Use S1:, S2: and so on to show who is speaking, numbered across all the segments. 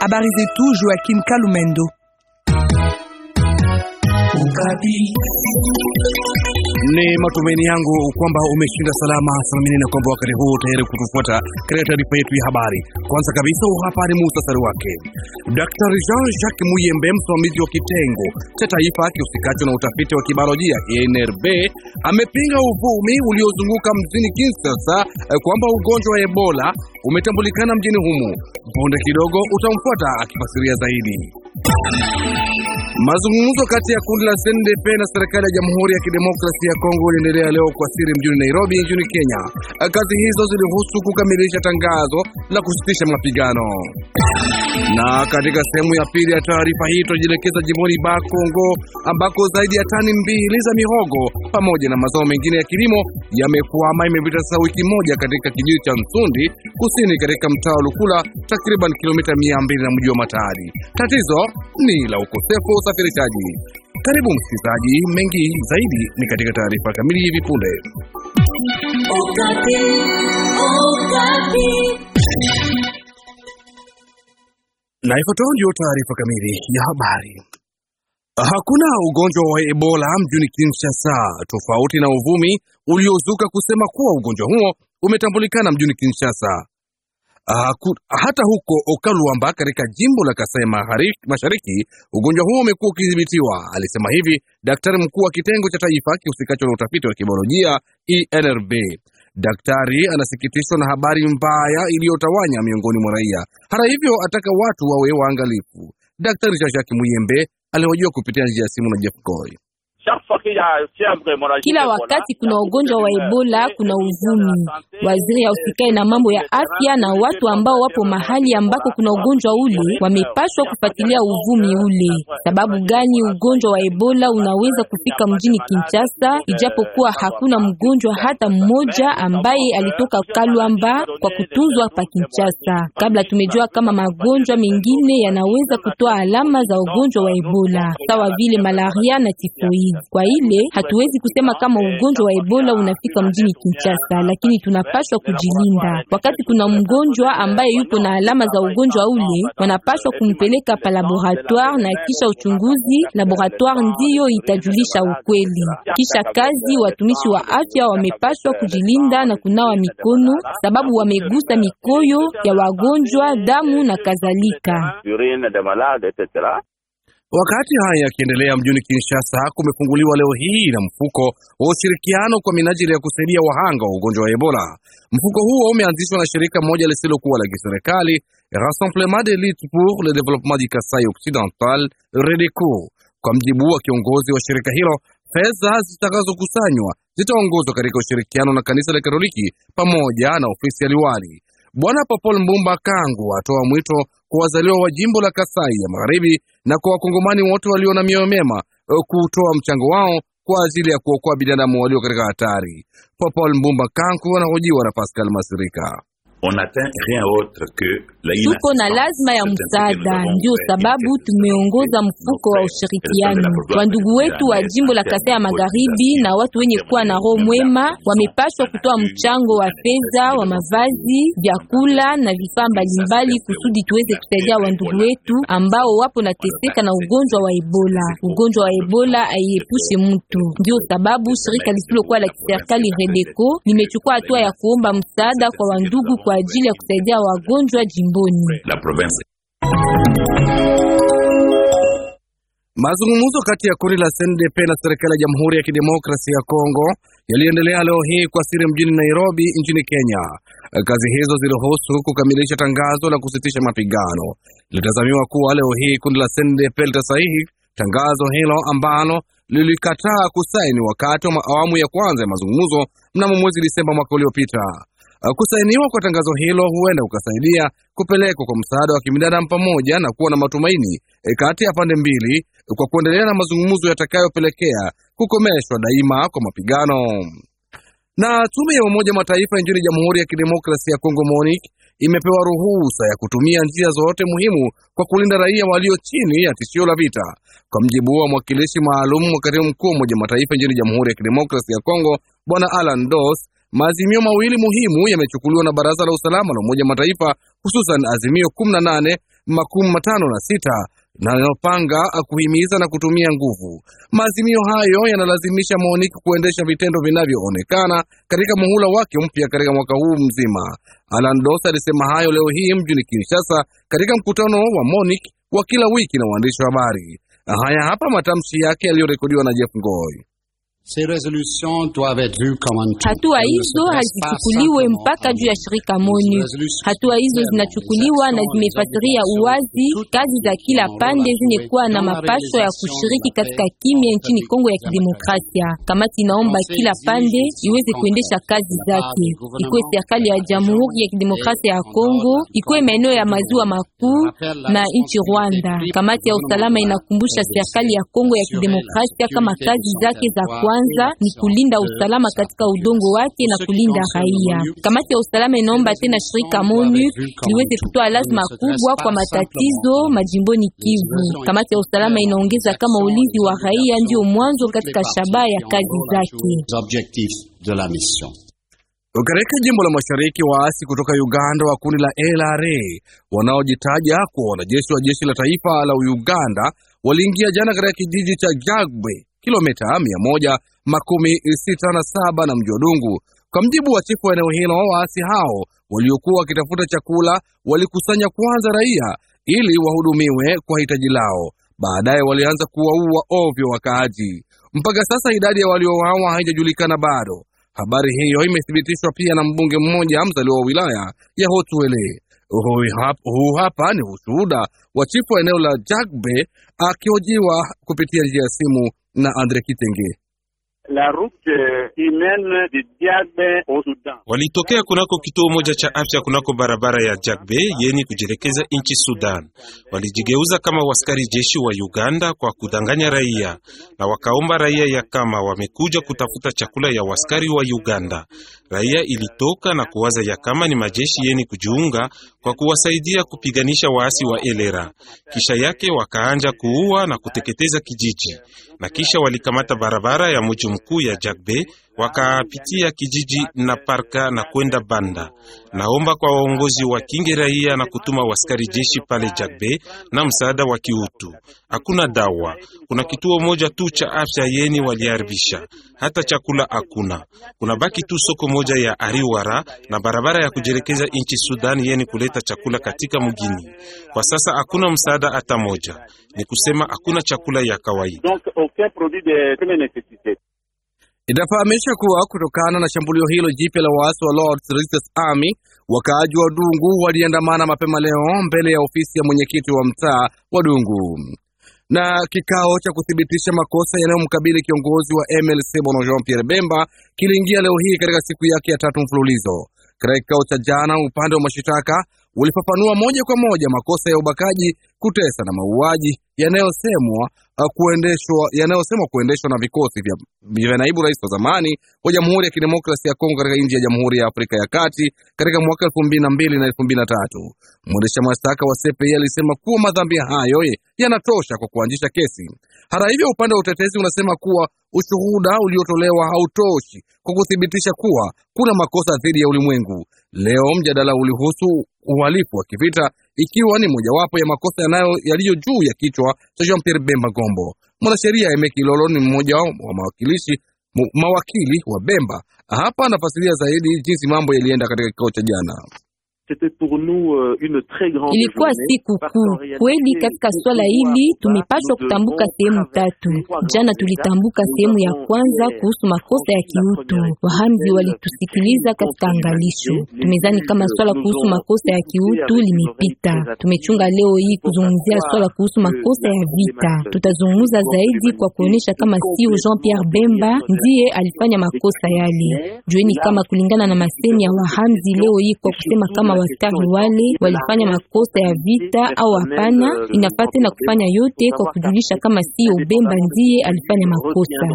S1: Habari zetu Joaquim Kalumendo. Okapi.
S2: Ni matumaini yangu kwamba umeshinda salama salamini na kwamba wakati huu tayari kutufuata katika taarifa yetu ya habari. Kwanza kabisa, hapa ni muhtasari wake. Daktari Jean-Jacques Muyembe, msimamizi wa kitengo cha taifa kihusikacho na utafiti wa kibiolojia nrb amepinga uvumi uliozunguka mjini Kinshasa eh, kwamba ugonjwa wa Ebola umetambulikana mjini humo. Punde kidogo utamfuata akifasiria zaidi. Mazungumzo kati ya kundi la sndp na serikali ya Jamhuri ya Kidemokrasia ya Kongo iliendelea leo kwa siri mjini Nairobi nchini Kenya. Kazi hizo zilihusu kukamilisha tangazo la kusitisha mapigano. Na katika sehemu ya pili ya taarifa hii tunajielekeza jimboni Bakongo ambako zaidi ya tani mbili za mihogo pamoja na mazao mengine ya kilimo yamekwama, imepita sasa wiki moja katika kijiji cha nsundi kusini katika mtaa wa Lukula, takriban kilomita mia mbili na mji wa Matadi. Tatizo ni la ukosefu usafirishaji. Karibu msikilizaji, mengi zaidi ni katika taarifa kamili hivi punde. Na ifuatayo ndio taarifa kamili ya habari. Hakuna ugonjwa wa Ebola mjini Kinshasa tofauti na uvumi uliozuka kusema kuwa ugonjwa huo umetambulikana mjini Kinshasa. Uh, hata huko Okaluamba katika jimbo la Kasai Mashariki ugonjwa huo umekuwa ukidhibitiwa. Alisema hivi daktari mkuu wa kitengo cha taifa kihusikacho na utafiti wa kibiolojia ENRB. Daktari anasikitishwa na habari mbaya iliyotawanya miongoni mwa raia. Hata hivyo, ataka watu wawe waangalifu. Daktari Chashaki Muyembe alihojiwa kupitia njia ya simu na Jeff Koy.
S1: Kila wakati kuna ugonjwa wa Ebola, kuna uvumi Waziri ya usikae na mambo ya afya na watu ambao wapo mahali ambako kuna ugonjwa ule wamepashwa kufuatilia uvumi ule. Sababu gani ugonjwa wa Ebola unaweza kufika mjini Kinshasa, ijapokuwa hakuna mgonjwa hata mmoja ambaye alitoka Kalwamba kwa kutunzwa pa Kinshasa. Kabla tumejua kama magonjwa mengine yanaweza kutoa alama za ugonjwa wa Ebola, sawa vile malaria na tifoi. Kwa ile hatuwezi kusema kama ugonjwa wa Ebola unafika mjini Kinshasa, lakini tunapaswa kujilinda. Wakati kuna mgonjwa ambaye yupo na alama za ugonjwa ule, wanapaswa kumpeleka pa laboratoire na kisha uchunguzi. Laboratoire ndiyo itajulisha ukweli. Kisha kazi, watumishi wa afya wamepaswa kujilinda na kunawa mikono, sababu wamegusa mikoyo ya wagonjwa, damu na kadhalika.
S2: Wakati haya yakiendelea mjini Kinshasa, kumefunguliwa leo hii na mfuko wa ushirikiano kwa minajili ya kusaidia wahanga wa ugonjwa wa Ebola. Mfuko huo umeanzishwa na shirika moja lisilokuwa la kiserikali Rassemblement de lutte pour le développement du Kasai Occidental, REDECO. Kwa mjibu wa kiongozi wa shirika hilo, fedha zitakazokusanywa zitaongozwa katika ushirikiano na kanisa la Katoliki pamoja na ofisi ya liwali. Bwana Popol Mbumba Kangu atoa mwito kwa wazaliwa wa jimbo la Kasai ya Magharibi na kwa wakongomani wote walio na mioyo mema eh, kutoa mchango wao kwa ajili ya kuokoa binadamu walio katika hatari. Popol Mbumba Kangu anahojiwa na Pascal
S3: Masirika rien tuko na lazima ya msaada, ndio
S1: sababu tumeongoza mfuko wa ushirikiano. Wandugu wetu wa jimbo la Kasai ya Magharibi na watu wenye kuwa na roho mwema wamepaswa kutoa mchango wa fedha, wa mavazi, vyakula na vifaa mbalimbali, kusudi tuweze kusaidia wandugu wetu ambao wapo na teseka na ugonjwa wa Ebola. Ugonjwa wa Ebola aiepushe mtu, ndio sababu shirika lisilokuwa la kiserikali Redeco limechukua hatua ya kuomba msaada kwa wandugu kwa kwa ajili ya kusaidia wagonjwa jimboni
S3: la province.
S2: Mazungumzo kati ya kundi la CNDP na serikali ya Jamhuri ya Kidemokrasia ya Kongo yaliendelea leo hii kwa siri mjini Nairobi nchini Kenya. Kazi hizo zilihusu kukamilisha tangazo la kusitisha mapigano. Litazamiwa kuwa leo hii kundi la CNDP litasahihi tangazo hilo ambalo lilikataa kusaini wakati wa awamu ya kwanza ya mazungumzo mnamo mwezi Disemba mwaka uliopita. Uh, kusainiwa kwa tangazo hilo huenda kukasaidia kupelekwa kwa msaada wa kibinadamu pamoja na kuwa na matumaini e, kati ya pande mbili kwa kuendelea na mazungumzo yatakayopelekea kukomeshwa daima kwa mapigano. Na tume ya Umoja Mataifa nchini Jamhuri ya Kidemokrasia ya Kongo MONUC imepewa ruhusa ya kutumia njia zote muhimu kwa kulinda raia walio chini ya tishio la vita. Kwa mjibu wa mwakilishi maalum wa katibu mkuu wa Umoja Mataifa nchini Jamhuri ya Kidemokrasia ya Kongo Bwana Alan Dos Maazimio mawili muhimu yamechukuliwa na Baraza la Usalama la Umoja Mataifa, hususan azimio 18 makumi matano na sita inayopanga kuhimiza na kutumia nguvu. Maazimio hayo yanalazimisha Moniki kuendesha vitendo vinavyoonekana katika muhula wake mpya katika mwaka huu mzima. Alan Doss alisema hayo leo hii mjini Kinshasa katika mkutano wa Moniki wa kila wiki na waandishi wa habari. Haya hapa matamshi yake yaliyorekodiwa na Jeff Ngoi.
S3: Hatua hizo hazichukuliwe
S1: mpaka juu ya shirika MONU. Hatua hizo zinachukuliwa na zimefasiria uwazi kazi za kila pande zenye kuwa na mapasho ya kushiriki katika kimya nchini Kongo ya Kidemokrasia. Kamati inaomba kila pande iweze kuendesha kazi zake, ikuwe serikali ya Jamhuri ya Kidemokrasia ya Kongo, ikuwe maeneo ya Maziwa Makuu na nchi Rwanda. Kamati ya usalama inakumbusha serikali ya Kongo ya Kidemokrasia kama kazi zake za kwa kwanza ni kulinda usalama katika udongo wake na kulinda raia. Kamati ya usalama inaomba tena shirika MONU liweze kutoa lazima kubwa kwa matatizo majimboni Kivu. Kamati ya usalama inaongeza kama ulinzi wa raia ndio mwanzo katika shabaha ya kazi zake.
S2: Katika jimbo la mashariki, waasi kutoka Uganda wa kundi la LRA wanaojitaja kuwa wanajeshi wa jeshi la taifa la Uganda waliingia jana katika kijiji cha Jagwe kilomita 167 na mji wa Dungu. Kwa mjibu wa chifu wa eneo hilo, waasi hao waliokuwa wakitafuta chakula walikusanya kwanza raia ili wahudumiwe kwa hitaji lao, baadaye walianza kuwaua ovyo wakaaji. Mpaka sasa idadi ya waliouawa haijajulikana bado. Habari hiyo imethibitishwa pia na mbunge mmoja mzaliwa wa wilaya ya Hotuele. Huu hapa ni ushuhuda wa chifu wa eneo la Jagbe akihojiwa kupitia njia ya simu na Andre Kitenge.
S3: la route humaine de Diagbe au Sudan. Walitokea kunako kituo moja cha afya kunako barabara ya Jagbe yeni kujielekeza nchi Sudan. Walijigeuza kama waskari jeshi wa Uganda kwa kudanganya raia na wakaomba raia ya kama wamekuja kutafuta chakula ya waskari wa Uganda. Raia ilitoka na kuwaza ya kama ni majeshi yeni kujiunga kwa kuwasaidia kupiganisha waasi wa Elera. Kisha yake wakaanja kuua na kuteketeza kijiji na kisha walikamata barabara ya mji mkuu ya Jagbe wakapitia kijiji na parka na kwenda Banda. Naomba kwa waongozi wa kinge raia na kutuma waskari jeshi pale Jagbe na msaada wa kiutu. Hakuna dawa, kuna kituo moja tu cha afya yeni waliharibisha, hata chakula hakuna. Kuna baki tu soko moja ya Ariwara na barabara ya kujerekeza nchi Sudani yeni kuleta chakula katika mgini Kwa sasa hakuna msaada hata moja, ni kusema hakuna chakula ya kawaida itafahamisha kuwa kutokana na shambulio hilo jipya la waasi wa Lord's Resistance
S2: Army, wakaaji wa Dungu waliandamana mapema leo mbele ya ofisi ya mwenyekiti wa mtaa wa Dungu. Na kikao cha kuthibitisha makosa yanayomkabili kiongozi wa MLC Bwana Jean Pierre Bemba kiliingia leo hii katika siku yake ya tatu mfululizo. Katika kikao cha jana, upande wa mashitaka ulifafanua moja kwa moja makosa ya ubakaji, kutesa na mauaji yanayosemwa uh, kuendeshwa yanayosemwa kuendeshwa na vikosi vya naibu rais wa zamani wa Jamhuri ya Kidemokrasia ya Kongo katika nchi ya Jamhuri ya Afrika ya Kati katika mwaka 2002 na 2003. Mwendesha mashtaka wa CPI alisema kuwa madhambi hayo yanatosha kwa kuanzisha kesi. Hata hivyo, upande wa utetezi unasema kuwa ushuhuda uliotolewa hautoshi kwa kuthibitisha kuwa kuna makosa dhidi ya ulimwengu. Leo mjadala ulihusu uhalifu wa kivita, ikiwa ni mojawapo ya makosa yaliyo juu ya kichwa cha Jean Pierre Bemba Gombo. Mwanasheria Aime Kilolo ni mmoja wa mawakilishi mawakili wa Bemba. Hapa anafasiria zaidi jinsi mambo yalienda katika kikao cha jana. Ilikuwa siku kuu kweli
S1: katika swala hili. Tumepaswa kutambuka sehemu tatu. Jana tulitambuka sehemu ya kwanza kuhusu makosa ya kiutu, wahamzi walitusikiliza katika angalisho. Tumezani kama swala kuhusu makosa ya kiutu limepita. Tumechunga leo hii kuzungumzia swala kuhusu makosa ya vita. Tutazungumza zaidi kwa kuonyesha kama sio Jean-Pierre Bemba ndiye alifanya makosa yale. Jueni kama kulingana na masemi ya wahamzi leo hii kwa kusema kama waaskari wale walifanya makosa ya vita au hapana, inafate na kufanya yote kwa kujulisha kama sio Bemba ndiye alifanya makosa.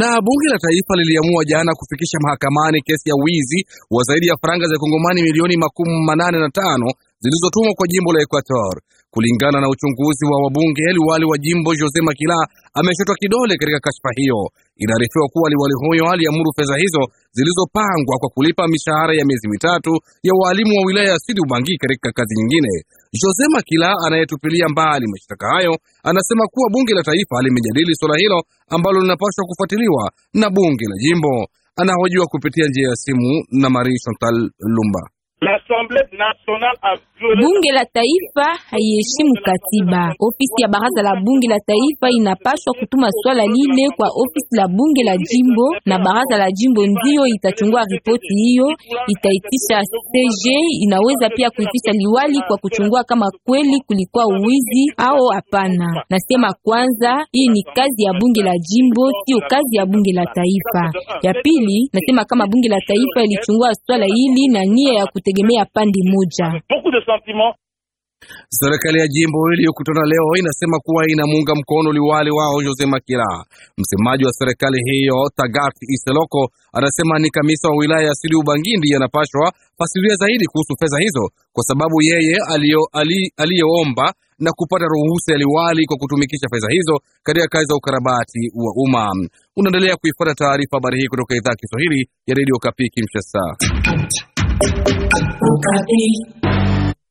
S2: Na bunge la taifa liliamua jana kufikisha mahakamani kesi ya wizi wa zaidi ya faranga za kongomani milioni makumi manane na tano zilizotumwa kwa jimbo la Equator. Kulingana na uchunguzi wa wabunge, liwali wa jimbo Jose Makila ameshotwa kidole katika kashfa hiyo. Inaarifiwa kuwa liwali huyo aliamuru fedha hizo zilizopangwa kwa kulipa mishahara ya miezi mitatu ya waalimu wa wilaya ya Sidi Ubangi katika kazi nyingine. Jose Makila anayetupilia mbali mashtaka hayo anasema kuwa bunge la taifa limejadili suala hilo ambalo linapaswa kufuatiliwa na bunge la jimbo. Anahojiwa kupitia njia ya simu na Marie Chantal Lumba.
S1: Bunge la Taifa haiheshimu katiba. Ofisi ya baraza la bunge la taifa inapaswa kutuma swala lile kwa ofisi la bunge la jimbo, na baraza la jimbo ndiyo itachungua ripoti hiyo. Itaitisha CG, inaweza pia kuitisha liwali kwa kuchungua kama kweli kulikuwa uwizi au hapana. Nasema kwanza, hii ni kazi ya bunge la jimbo, sio kazi ya bunge la taifa. Ya pili, nasema kama bunge la taifa ilichungua swala hili na nia ya kutegemea pande moja.
S2: Serikali ya jimbo iliyokutana leo inasema kuwa inamuunga mkono liwali wao Jose Makila. Msemaji wa serikali hiyo Tagat Iseloko anasema ni kamisa wa wilaya ya Sudi Ubangindi yanapashwa fasiria zaidi kuhusu fedha hizo, kwa sababu yeye aliyeomba ali, na kupata ruhusa ya liwali kwa kutumikisha fedha hizo katika kazi za ukarabati wa umma. Unaendelea kuifuata taarifa habari hii kutoka idhaa ya Kiswahili ya redio Kapi Kinshasa. Ukapi.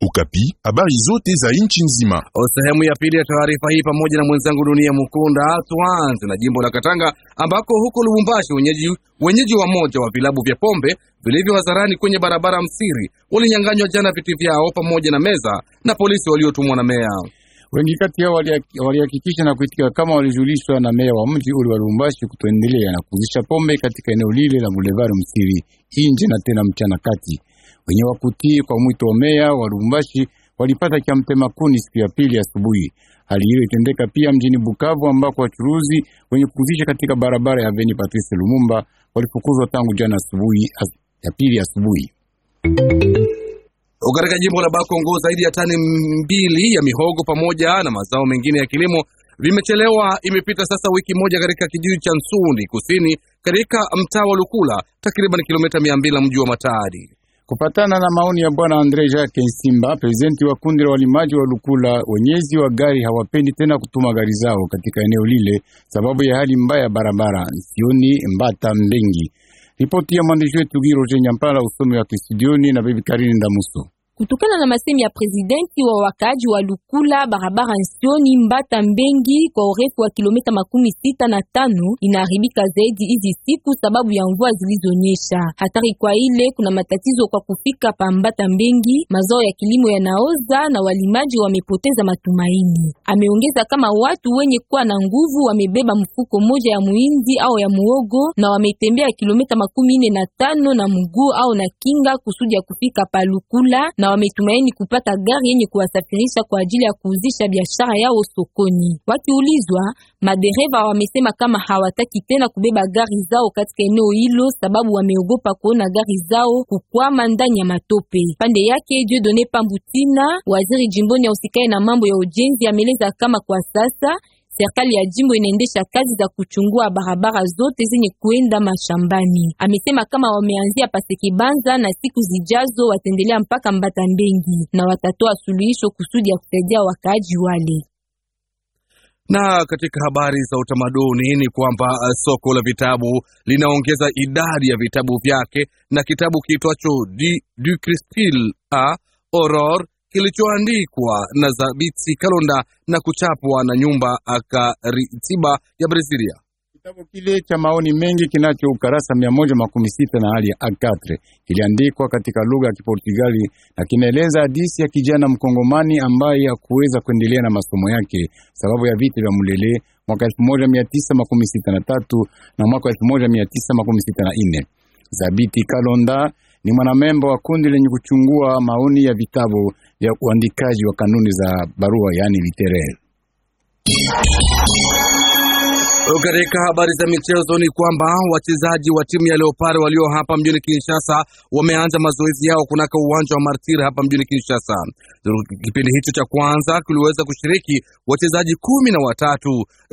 S2: Ukapi, habari zote za nchi nzima. Sehemu ya pili ya taarifa hii pamoja na mwenzangu Dunia Mukunda. Tuanze na jimbo la Katanga ambako huko Lubumbashi wenyeji, wenyeji wa moja wa vilabu vya pombe vilivyo hadharani kwenye barabara Msiri walinyang'anywa jana viti vyao pamoja na meza
S3: na polisi waliotumwa na meya. Wengi kati yao walihakikisha na kuitika kama walijulishwa na meya wa mji ule wa Lubumbashi kutoendelea na kuzisha pombe katika eneo lile la Boulevard Msiri inje na tena mchana kati. Wenye wakutii kwa mwito wa meya wa Lubumbashi walipata kiamte kuni siku ya pili asubuhi. Hali hiyo itendeka pia mjini Bukavu ambako wachuruzi wenye kuzisha katika barabara ya Veni Patrice Lumumba walifukuzwa tangu jana asubuhi ya pili asubuhi.
S2: Katika jimbo la Bakongo zaidi ya tani mbili ya mihogo pamoja na mazao mengine ya kilimo vimechelewa. Imepita sasa wiki moja katika kijiji cha Nsundi kusini katika mtaa wa Lukula, takriban kilomita mia mbili na mji wa
S3: Matadi. kupatana na maoni ya bwana Andre Jacques Nsimba, prezidenti wa kundi la walimaji wa Lukula, wenyezi wa gari hawapendi tena kutuma gari zao katika eneo lile sababu ya hali mbaya ya barabara Sioni Mbata Mbengi. Ripoti ya mwandishi wetu Giro Jenyampala, usomi wa kistudioni na bibi Karine Ndamuso.
S1: Kutokana na masemi ya presidenti wa wakaaji wa Lukula, barabara Nsioni Mbata Mbengi kwa urefu wa kilomita makumi sita na tano inaharibika zaidi hizi siku sababu ya mvua zilizonyesha. Hatari kwa ile kuna matatizo kwa kufika pa Mbata Mbengi, mazao ya kilimo yanaoza na walimaji wamepoteza matumaini. Ameongeza kama watu wenye kuwa na nguvu wamebeba mfuko moja ya muindi au ya muogo na wametembea kilomita makumi ine na tano na mguu au na kinga kusudi ya kufika pa Lukula na wametumaini kupata gari yenye kuwasafirisha kwa ajili ya kuuzisha biashara yao sokoni. Wakiulizwa, madereva wamesema kama hawataki tena kubeba gari zao katika eneo hilo sababu wameogopa kuona gari zao kukwama ndani ya matope. Pande yake Dieudonne Pambutina, waziri jimboni ya usikae na mambo ya ujenzi, ameleza kama kwa sasa Serikali ya jimbo inaendesha kazi za kuchungua barabara zote zenye kuenda mashambani. Amesema kama wameanzia kibanza na siku zijazo watendelea mpaka Mbata Mbengi na watatoa suluhisho kusudi ya kusaidia wakaaji wale.
S2: Na katika habari za utamaduni ni kwamba uh, soko la vitabu linaongeza idadi ya vitabu vyake na kitabu kiitwacho du, Christil a uh, Aurore kilichoandikwa na Zabitsi Kalonda na kuchapwa na nyumba akaritiba ya Brezilia.
S3: Kitabu kile cha maoni mengi kinacho ukarasa mia moja makumi sita na hali ya A4 kiliandikwa katika lugha ya Kiportugali na kinaeleza hadisi ya kijana mkongomani ambaye hakuweza kuendelea na masomo yake sababu ya vita vya Mulele mwaka 1963 na mwaka 1964. Zabiti Kalonda ni mwanamemba wa kundi lenye kuchungua maoni ya vitabu vya uandikaji wa kanuni za barua, yaani literal
S2: katika habari za michezo ni kwamba wachezaji wa timu ya Leopard walio hapa mjini Kinshasa wameanza mazoezi yao kunaka uwanja wa Martir hapa mjini Kinshasa. Kipindi hicho cha kwanza kiliweza kushiriki wachezaji kumi na watatu.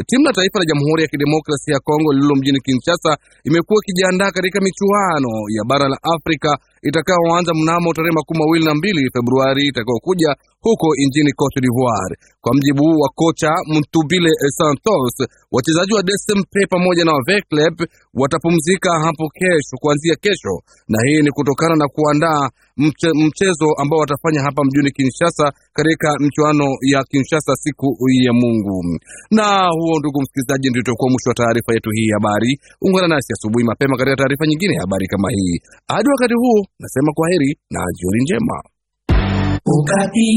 S2: Timu la taifa la Jamhuri ya Kidemokrasia ya Kongo lililo mjini Kinshasa imekuwa ikijiandaa katika michuano ya bara la Afrika itakaoanza mnamo tarehe makumi mawili na mbili Februari itakayokuja huko nchini Cote d'Ivoire. Kwa mjibu wa kocha Mtubile Santos, wachezaji wa DSMP pamoja na Waveclep watapumzika hapo kesho, kuanzia kesho, na hii ni kutokana na kuandaa mche, mchezo ambao watafanya hapa mjini Kinshasa katika mchuano ya Kinshasa siku ya Mungu. Na huo, ndugu msikilizaji, ndio tutakuwa mwisho wa taarifa yetu hii habari. Ungana nasi asubuhi mapema katika taarifa nyingine ya habari kama hii. Hadi wakati huu, nasema kwaheri na jioni njema.
S1: Ukati.